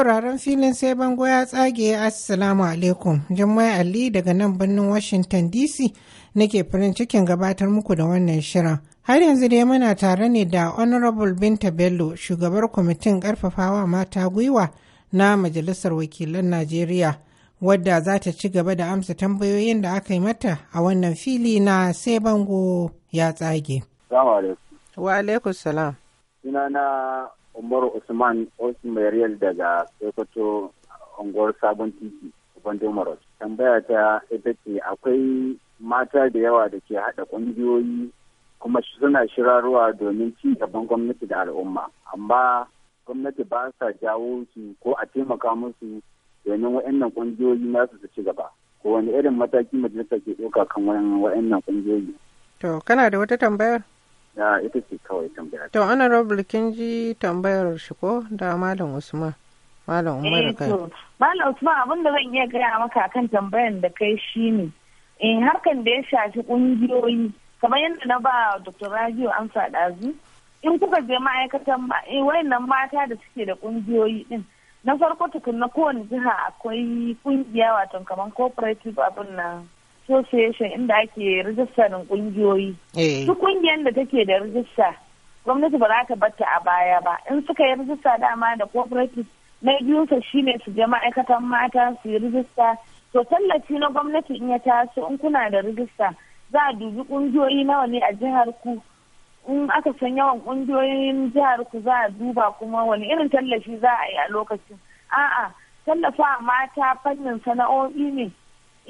sauraron filin sai bango ya tsage assalamu alaikum jummai ali daga nan birnin washington dc nake farin cikin gabatar muku da wannan shirin har yanzu dai muna tare ne da honorable binta bello shugabar kwamitin karfafawa mata gwiwa na majalisar wakilan najeriya wadda za ta ci gaba da amsa tambayoyin da aka yi mata a wannan fili na sai bango ya tsage Umar usman osmariyal daga sokoto unguwar sabon titi bandon maros tambaya ta ita ce akwai mata da yawa da ke haɗa ƙungiyoyi kuma suna shirarwa domin ci gaban gwamnati da al'umma amma gwamnati ba sa jawo su ko a taimaka musu domin waɗannan ƙungiyoyi nasu su ci gaba ko wani irin mataki majalisa ke ɗauka kan waɗannan ƙungiyoyi. to kana da wata tambayar. ita ce kawai tambaya to honorable kin ji tambayar shi ko da malam usman malam umar eh, kai malam usman abin da zan iya gaya maka kan tambayan da kai shi in eh, harkan da ya shafi kungiyoyi kamar yadda na ba dr radio an ɗazu in kuka je ma'aikatan eh, wayannan mata da suke da kungiyoyi din na farko tukun na kowane jiha akwai kungiya wato kamar cooperative abin nan association inda ake rijistarin kungiyoyi su eh. kungiyar da take da rijista gwamnati ba za ta batta a baya ba in suka yi rijista dama da cooperative na biyunsa shine su je ma'aikatan mata su yi rijista to tallafi na gwamnati in ya taso in kuna da rijista za a dubi kungiyoyi nawa ne a jihar ku in aka san yawan kungiyoyin jihar ku za a duba kuma wani irin tallafi za a yi a lokacin a'a tallafa mata fannin sana'o'i ne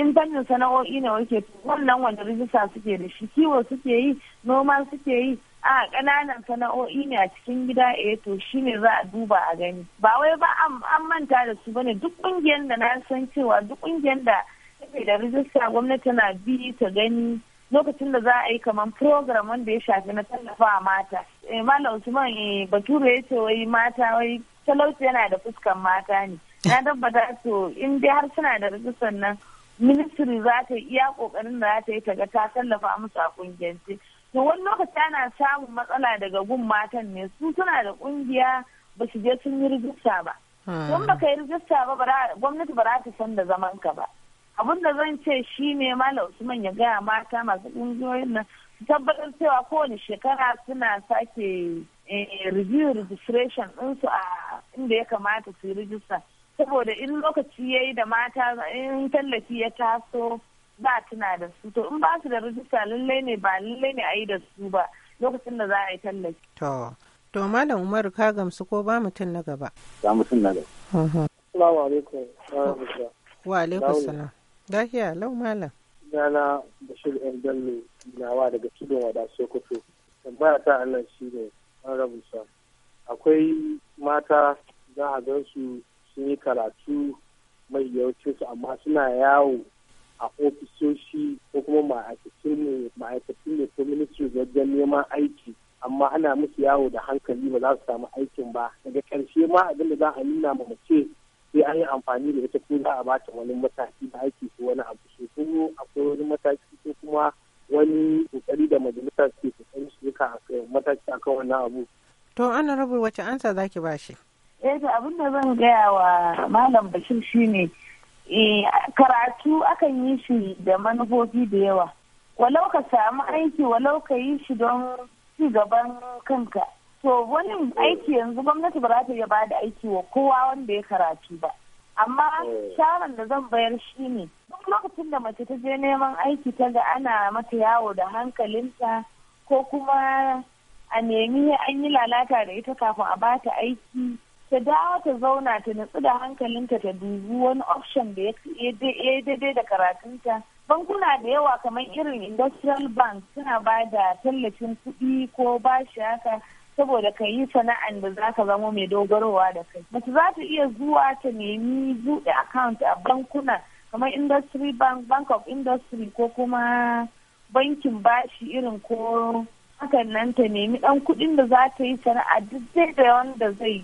in fannin sana'o'i ne wake wannan wanda rijista suke da shi kiwo suke yi noma suke yi a ƙananan sana'o'i ne a cikin gida eh to shi ne za a duba a gani ba wai ba an manta da su bane duk ƙungiyar da na san cewa duk ƙungiyar da take da rijista gwamnati na bi ta gani lokacin da za a yi kamar program wanda ya shafi na tallafa mata eh, malam usman eh, bature ya ce wai mata wai talauci yana da fuskan mata ne na tabbata to in dai har suna da rijistar nan ministry za ta iya kokarin da za ta yi ta ga ta tallafa musu a kungiyance to wani lokaci ana samun matsala daga gun matan ne su suna da kungiya ba su je sun yi rijista ba hmm. don ba ka yi rijista ba gwamnati ba za ta san da zaman ka ba abin da zan ce shi ne malam usman ya gaya mata masu kungiyoyin nan su tabbatar cewa kowane shekara suna sake eh, review registration ɗinsu a inda ya kamata su yi rijista saboda in lokaci ya yi da mata in tallafi ya taso ba tuna da su to in ba su da rajista lallai ne ba lallai ne a yi da su ba lokacin da za a yi tallafi. To, to Malam Umaru ka gamsu ko ba mutum na gaba? Ba mutum na gaba. Mhm. Salamu alaikum. Wa alaikum salam. Dahiya, lau Malam. Yana shirin ‘yan na nawa daga Tudun Wada Sokoto. Tambaya ta Allah shi ne an rabu sa. Akwai mata za a gan su sun yi karatu mai yawancin su amma suna yawo a ofisoshi ko kuma ma'aikacin ne ko ministry wajen neman aiki amma ana musu yawo da hankali ba za su samu aikin ba daga ƙarshe ma abin da za a nuna ma mace sai an yi amfani da ita ko za a bata wani mataki da aiki ko wani abu so ko akwai wani mataki ko kuma wani kokari da majalisa ke kokari su duka mataki akan wannan abu. to ana rabu wace ansa zaki ba shi. eh abin da zan gaya wa malam bashir shine eh, karatu akan yi shi da manufofi da yawa walau ka samu aiki walau ka yi shi don ci gaban kanka to wani aiki yanzu gwamnati ba za ta iya da aiki wa kowa wanda ya karatu ba amma eh. shawaran da zan bayar shi ne duk lokacin da mace ta je neman aiki ta ga ana mata yawo da hankalinta ko kuma a nemi an yi lalata da ita kafin a bata aiki ta dawo ta zauna ta nutsu da hankalinta ta dubi wani option da ya daidai da karatunta bankuna da yawa kamar irin industrial bank suna ba da tallafin kuɗi ko bashi haka saboda ka yi sana'an da za ka zama mai dogarowa da kai mace za ta iya zuwa ta nemi buɗe account a bankuna kamar industry bank bank of industry ko kuma bankin bashi irin ko hakan nan ta nemi ɗan kuɗin da za ta yi sana'a duk zai da wanda zai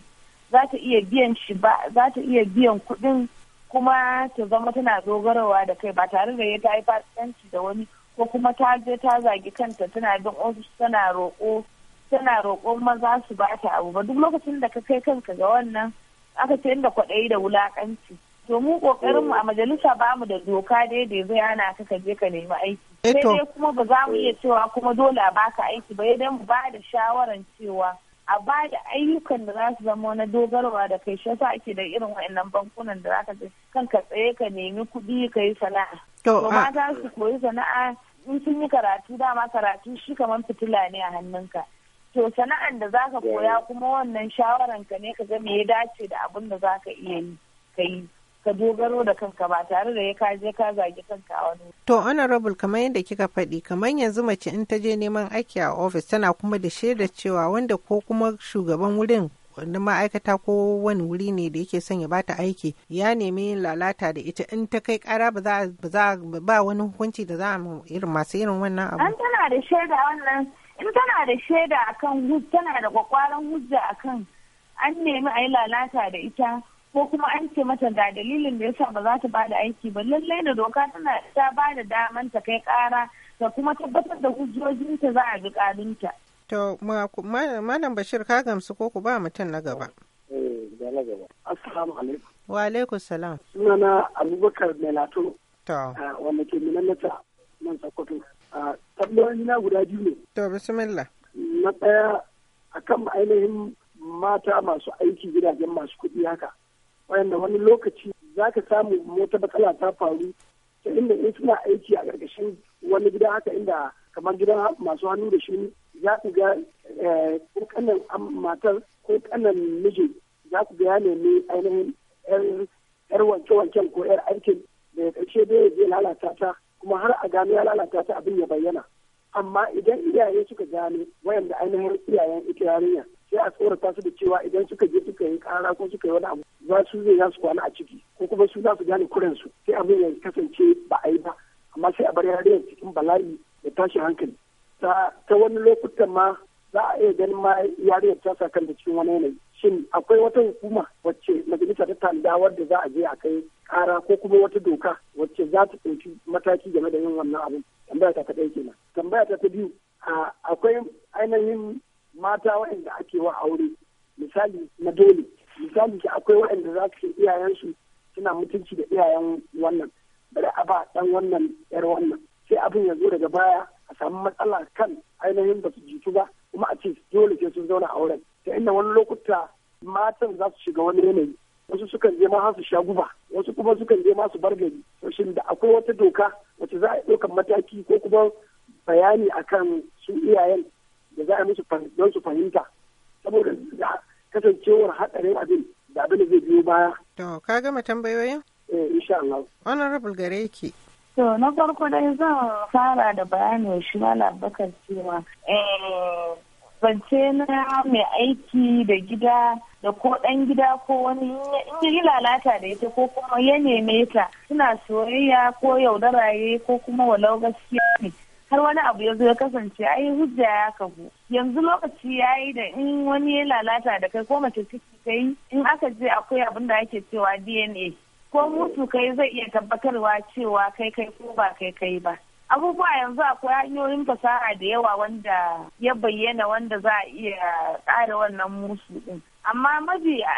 za ta iya biyan shi ba za ta iya biyan kuɗin kuma ta zama tana dogarawa da kai ba tare da ya ta yi fasikanci da wani ko kuma ta je ta zagi kanta tana bin ofis tana roƙo tana roƙon maza su ba ta abu ba duk lokacin da ka kai kanka ga wannan aka ce inda kwaɗayi da wulaƙanci to mu ƙoƙarin mu a majalisa ba mu da doka daidai zai ana ka ka je ka nemi aiki eh, sai dai kuma ba za mu iya cewa kuma dole a baka aiki ba idan mu ba da shawaran cewa a ba da ayyukan da za su zama na dogarwa da kai shafa ake da irin wa'annan bankunan da zaka je ka tsaye ka nemi kuɗi ka yi sana'a. To mata su koyi sana'a in sun yi karatu dama karatu shi kamar fitila ne a hannunka. To sana'an da za ka koya kuma wannan shawaran ka ne ka ga me ya dace da abin da zaka iya yi ka yi. ka dogaro da kanka ba tare da ya kaje ka zagi kanka a wani. To honorable kamar yadda kika faɗi kamar yanzu mace in ta je neman aiki a ofis tana kuma da shaidar cewa wanda ko kuma shugaban wurin na ma'aikata ko wani wuri ne da yake son ya bata aiki ya nemi yin lalata da ita in ta kai kara ba za ba wani hukunci da za a irin masu irin wannan abu. An tana da shaida wannan in tana da shaida akan tana da kwakwaran hujja akan an nemi a yi lalata da ita ko kuma an ce mata da dalilin da yasa ba za ta bada aiki ba lallai da doka tana ta bada daman ta kai kara da kuma tabbatar da hujjojinta za a bi karinta. To malam Bashir ka gamsu ko ku ba mutum na gaba. Eh, Assalamu Wa alaikum salam. Sunana Abubakar Melato. To. Ah, wanda ke nata nan Sokoto. Ah, Tabbayoyi na guda biyu ne. To bismillah. Na ɗaya akan ainihin mata masu aiki gidajen masu kuɗi haka. wanda wani lokaci za ka samu mota matsala ta faru ta inda in suna aiki a ƙarƙashin wani gida haka inda kamar gidan masu hannu da shi za ku ga eh, ko kanan matar ko kanan miji za ku ga ya nemi ainihin yar wanke-wanken ko yar aikin da ya ƙarshe da ya je lalata ta kuma har a gano ya lalata ta abin ya bayyana amma idan iyaye suka gane wayanda ainihin iyayen ita yarinya sai a tsorata su da cewa idan suka je suka yi kara ko suka yi wani abu za su zai za su kwana a ciki ko kuma su za su gane kuren su sai abin ya kasance ba a yi ba amma sai a bar yariya cikin bala'i da tashin hankali ta wani lokutan ma za a iya ganin ma yariyar ta sa kanta cikin wani yanayi shin akwai wata hukuma wacce majalisa ta tanda wadda za a je a kai kara ko kuma wata doka wacce za ta ɗauki mataki game da yin wannan abin tambaya ta kaɗai kenan tambaya ta ta biyu akwai ainihin mata waɗanda ake wa aure misali na dole misali ki akwai waɗanda za su iyayensu suna mutunci da iyayen wannan bari a ba ɗan wannan yar wannan sai abin ya zo daga baya a samu matsala kan ainihin ba su jitu ba kuma a ce dole sai sun zauna auren ta inda wani lokuta matan za su shiga wani yanayi wasu sukan je ma su sha guba wasu kuma sukan je ma su bar gari shin da akwai wata doka wacce za a ɗaukan mataki ko kuma bayani akan su iyayen da za a musu don su fahimta saboda kasancewar haɗarin abin da abin da zai biyo baya. To ka gama tambayoyin? Eh insha Allah. Honorable gare ki. To na farko dai zan fara da bayani shi mana Bakar cewa eh, zance na mai aiki da gida da ko ɗan gida ko wani in yi lalata da ita ko kuma ya neme ta suna soyayya ko yaudaraye ko kuma walau gaskiya ne har wani abu ya zo ya kasance ai hujja ya kafu yanzu lokaci ya yi da in wani ya lalata da kai ko mace ciki kai in aka je akwai abin da ake cewa dna ko mutu kai zai iya tabbatarwa cewa kai kai ko ba kai kai ba abubuwa yanzu akwai hanyoyin fasaha da yawa wanda ya bayyana wanda za a iya tsara wannan musu din amma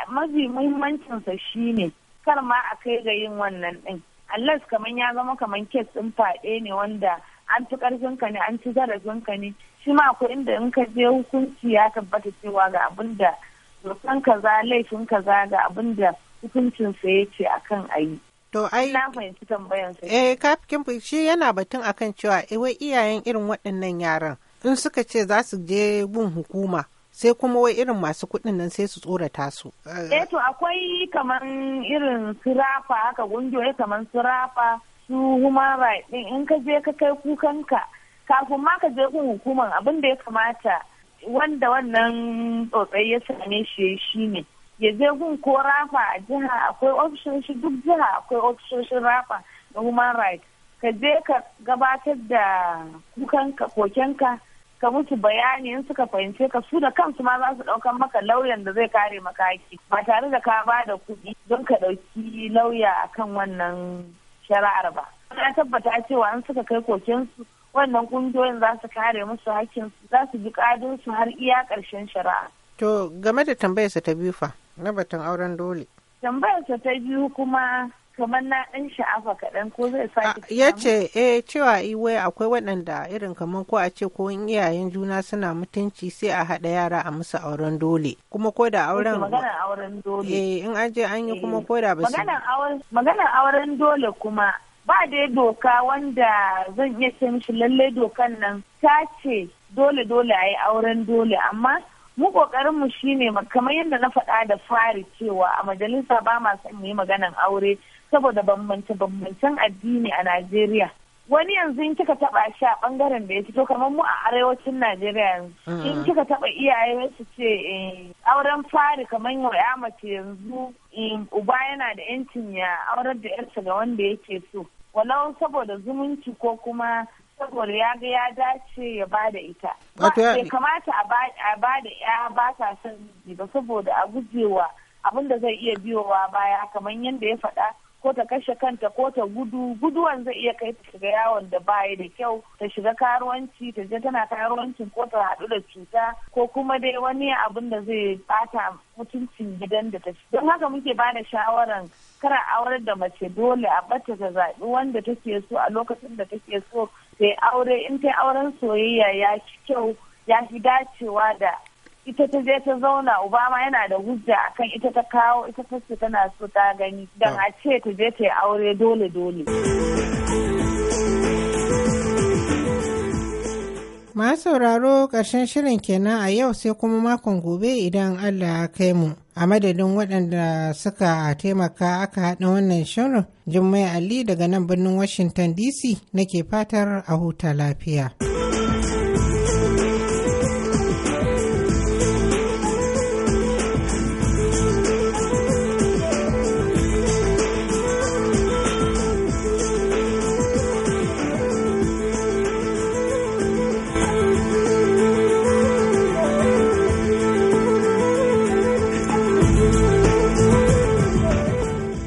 mafi muhimmancinsa shine kar ma a kai ga yin wannan din allas kaman ya zama kaman kes ɗin faɗe ne wanda an ci ka ne an ci ka ne shi ma akwai inda in ka je hukunci ya tabbata cewa ga abin da dokan kaza laifin kaza ga abin da hukuncin sa ya akan ayi to ai na fahimci tambayan sa eh kafin shi yana batun akan cewa eh wai iyayen irin waɗannan yaran in suka ce za su je bin hukuma sai kuma wai irin masu kuɗin nan sai su tsorata su. Eh to akwai kaman irin sirafa haka gungiyoyi kamar surafa su human rights din in ka je ka kai kukanka kafin ma ka je kun hukuman abin da ya kamata wanda wannan tsotsai ya same shi shi ne ya je kun ko rafa a jiha akwai shi duk jiha akwai shi rafa na human rights ka je ka gabatar da kukanka kokenka ka mutu bayani in suka fahimce ka su da kansu ma za su ɗaukan maka lauyan da zai kare makaki ba tare da ka ba da kuɗi don ka ɗauki lauya akan wannan shari'ar ba na tabbata cewa an suka kai kokensu wannan kungiyoyin za su kare musu hakkin za su ji su har iya ƙarshen shari'a to game da tambayarsa ta biyu fa na batun auren dole tambayarsa ta biyu kuma kamar na ɗan sha'afa kaɗan ko zai sake ah, ya ce eh cewa iwe akwai waɗanda irin kamar ko a ce ko in iyayen juna suna mutunci sai a haɗa yara a musu auren dole kuma ko da auren magana auren dole eh in an je an yi kuma eh, ko da ba su maganar auren dole kuma ba dai doka wanda zan iya ce mishi lallai dokan nan ta ce dole dole a yi auren dole amma mu kokarin mu shine kamar yadda na faɗa da fari cewa a majalisa ba ma son mu yi maganan aure saboda bambance bambancen addini a Najeriya wani yanzu in kika taba shi a bangaren da ya fito kamar mu a arewacin Najeriya yanzu mm-hmm. in kika taba iyaye su ce eh, auren fari kamar ya mace yanzu uba yana da yancin ya aurar da yarsa ga wanda yake so walau saboda zumunci ko kuma saboda ya ga ya dace ya ba da ita. Bai kamata a ba da ya ba son miji ba saboda a gujewa abin da zai iya biyowa baya kamar yadda ya faɗa ko ta kashe kanta ko ta gudu guduwan zai iya kai ta shiga yawon da baya da kyau ta shiga karuwanci ta je tana karuwancin ko ta haɗu da cuta ko kuma dai wani abin da zai bata mutuncin gidan da ta don haka muke ba da shawaran kara aurar da mace dole a bata ta zaɓi wanda take so a lokacin da take so sai aure in ta auren soyayya ya fi kyau ya fi dacewa da ita ta je ta zauna obama yana da hujja akan ita ta kawo ita ta ce tana so ta gani don a ce ta je ta yi aure dole dole Ma sauraro ƙarshen shirin kenan a yau sai kuma makon gobe idan Allah ya kai mu. a madadin waɗanda suka taimaka aka haɗa wannan shirin jummai ali daga nan birnin washington dc nake fatar a huta lafiya.